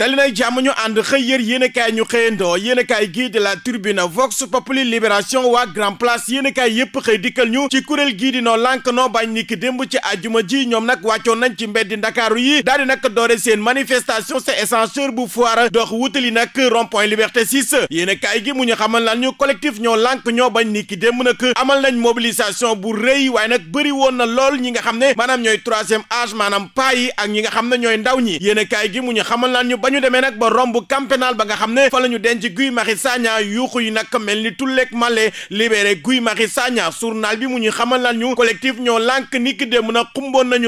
dali nay jàmm ñu ànd xëy yër yéenekaay ñu xëyandoo yéenekaay gii di la Tribune Vox Populi Libération waa Grand Place yéenekaay yépp xëy dikkal ñu ci kuréel gii di noo lànk noo bañ ni ki démb ci àjjuma ji ñoom nag wàccoon nañ ci mbeddi ndakaaru yi daal di nag doore seen manifestation c'est essentiel bu foire dox wutali nag rond-point Liberté 6 yéenekaay gi mu ñu xamal lan ñu collectif ñoo lànk ñoo bañ ni ki démb nag amal nañ mobilisation bu rëy waaye nag bëri woon na lool ñi nga xam ne maanaam ñooy troisième âge maanaam paa ak ñi nga xam ne ñooy ndaw ñi yéenekaay gi mu ñu xamal lan ba ñu demee nag ba romb camp pénal ba nga xam ne fa la denc Guy Marius Sagna yuuxu yi nag mel ni tulleeg male libéré Guy Marius Sagna journal bi mu ñuy xamal lan ñu collectif nañu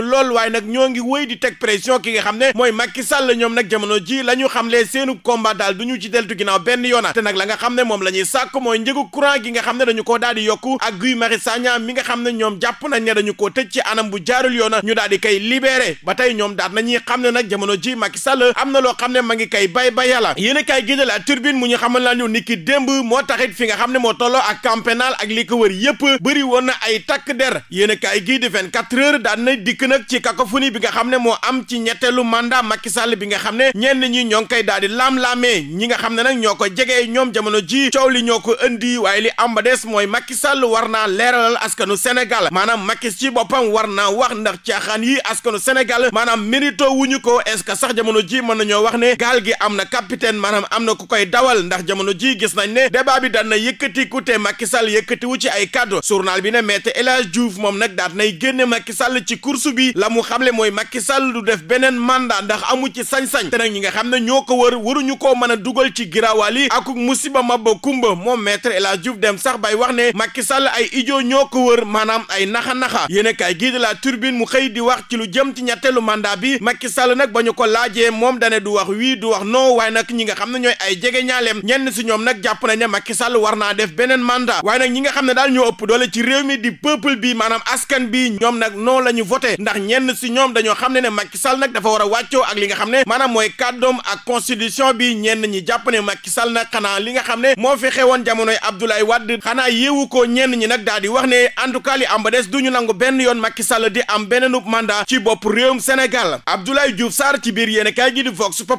lool waaye nag ñoo ngi wéy di teg pression ki nga xam ne mooy Macky Sall ñoom nag jamono ji la xam xamlee seenu combat daal du ñu ci deltu ginnaaw benn yoona te nag la nga xam ne moom la ñuy sàkk mooy njëgu courant gi nga xam ne dañu koo daal di yokku ak Guy Marius Sagna mi nga xam ne ñoom jàpp nañ ne dañu koo tëj ci anam bu jaarul yoona ñu daal di koy libéré ba tey ñoom daat nañuy xam ne nag jamono ji Macky Sall am xam ma ngi kay bay ba la yéen kay gi de la turbine mu ñu xamal laa ñu niki démb moo taxit fi nga xam ne moo tolloo ak camp pénal ak li ko wër yépp bëri woon na ay takk der yéen kay gii di 24 heures daan na dikk nag ci cacophonie bi nga xam ne moo am ci ñetteelu mandat Macky bi nga xam ne ñenn ñi ñoo ngi koy daal di laam-laamee ñi nga xam ne nag ñoo ko jege ñoom jamono ji coow li ñoo ko indi waaye li am ba des mooy Macky Sall war naa leeralal askanu Sénégal maanaam Macky ci boppam war naa wax ndax caaxaan yi askanu Sénégal maanaam mérito wuñu ko est ce que sax jamono ji mën nañoo wax ne gaal gi am na capitaine maanaam am na ku koy dawal ndax jamono ji gis nañ ne débat bi daan na yëkkatiku te Macky Sall yëkkatiwu ci ay kaddu journal bi ne Maître El Hadj Diouf moom nag daat nay génne Macky Sall ci course bi la mu xamle mooy Macky Sall du def beneen mandaa ndax amu ci sañ-sañ te ñi nga xam ne ñoo ko wër waruñu koo mën a dugal ci giraawaal yi ak musiba mabba kumba moom Maître El Hadj Diouf dem sax bay wax ne Macky Sall ay ijo ñoo ko wër maanaam ay naxa-naxa yéen kaay gii de la turbine mu xëy di wax ci lu jëm ci ñetteelu mandat bi Macky Sall nag ba ñu ko laajee moom dane du wax wax wii du wax non waaye nag ñi nga xam ne ñooy ay jege ñaaleem ñenn si ñoom nag jàpp nañ ne Macky Sall war naa def beneen mandat waaye nag ñi nga xam ne daal ñu ëpp doole ci réew mi di peuple bi maanaam askan bi ñoom nag non la ñu voté ndax ñenn si ñoom dañoo xam ne ne Macky Sall nag dafa war a wàccoo ak li nga xam ne maanaam mooy kàddoom ak constitution bi ñenn ñi jàpp ne Macky Sall nag xanaa li nga xam ne moo fi xewoon jamonoy Abdoulaye Wade xanaa yéewu ko ñenn ñi nag daal di wax ne en tout cas li am ba des du ñu nangu benn yoon Macky Sall di am beneenub mandat ci bopp réewum Sénégal Abdoulaye Diouf Sarr ci biir yéen kaay gi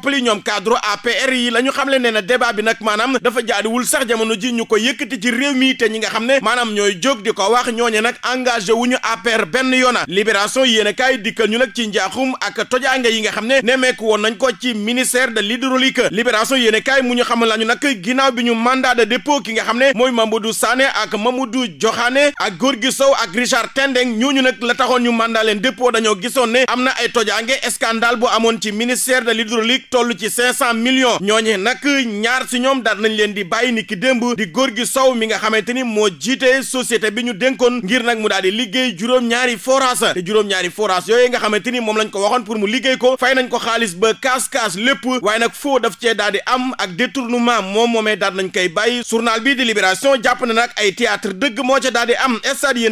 Vox Populi ñoom cadre APR yi la ñu xam le ne débat bi nag maanaam dafa jaadiwul sax jamono ji ñu ko yëkkati ci réew mi te ñi nga xam ne maanaam ñooy jóg di ko wax ñooñe nag engagé wu ñu APR benn yoona libération yéen kaay dikkal ñu nag ci njaaxum ak tojaange yi nga xam ne nemmeeku woon nañ ko ci ministère de l'hydraulique libération yéen kaay mu ñu xam la ñu nag ginnaaw bi ñu mandat de dépôt ki nga xam ne mooy Mamadou Sané ak Mamadou Diokhane ak Gorgui Sow ak Richard Tendeng ñooñu nag la taxoon ñu mandat leen dépôt dañoo gisoon ne am na ay tojaange scandale bu amoon ci ministère de l'hydraulique toll ci cinq cent millions ñooñe nag ñaar si ñoom daal nañ leen di bàyyi ni ki démb di góor gi sow mi nga xamante ni moo jiite société bi ñu dénkoon ngir nag mu daal di liggéey juróom-ñaari forage te juróom-ñaari forage yooyu nga xamante ni moom lañ ko waxoon pour mu liggéey ko fay nañ ko xaalis ba kaas-kaas lépp waaye nag foo def cee daal di am ak détournement moom moomee daal nañ koy bàyyi journal bi di libération jàpp na nag ay théâtre dëgg moo ca daal di am stade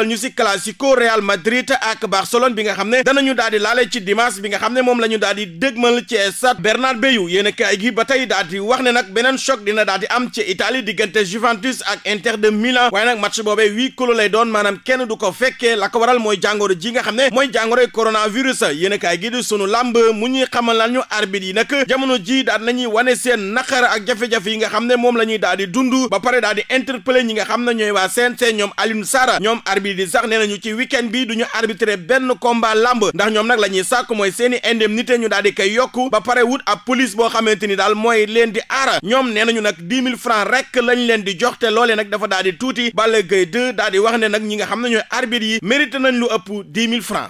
a ñu si classico Real Madrid ak Barcelone nga xam ne danañu daal di laale ci dimanche bi nga xam ne moom la ñu daal di dégmal ci stade Bernard Bayou yéen kaay gi ba tey daal di wax ne nag beneen choc dina daal di am ci itali diggante Juventus ak Inter de Milan waaye nag match boobee huis clos lay doon maanaam kenn du ko fekkee la waral mooy jàngoro ji nga xam ne mooy jàngoroy coronavirus yéen kaay gi di sunu làmb mu ñuy xamal lan ñu yi nag jamono ji daal nañu wane seen naqar ak jafe-jafe yi nga xam ne moom la ñuy daal di dund ba pare daal di interpeller ñi nga xam ne ñooy waa CNG ñoom Alioune Sarr sax nee nañu ci week-end bi du ñu arbitrer benn combat làmb ndax ñoom nag la ñuy sàkk mooy seeni indemnité ñu daal di koy yokku pare wut ab police boo xamante ni daal mooy leen di aara ñoom nee nañu nag dix mille francs rek lañ leen di joxte loole nag dafa daal di tuuti Balla Gaye 2 daal di wax ne nag ñi nga xam ne ñooy arbitre yi mérité nañ lu ëpp dix mille francs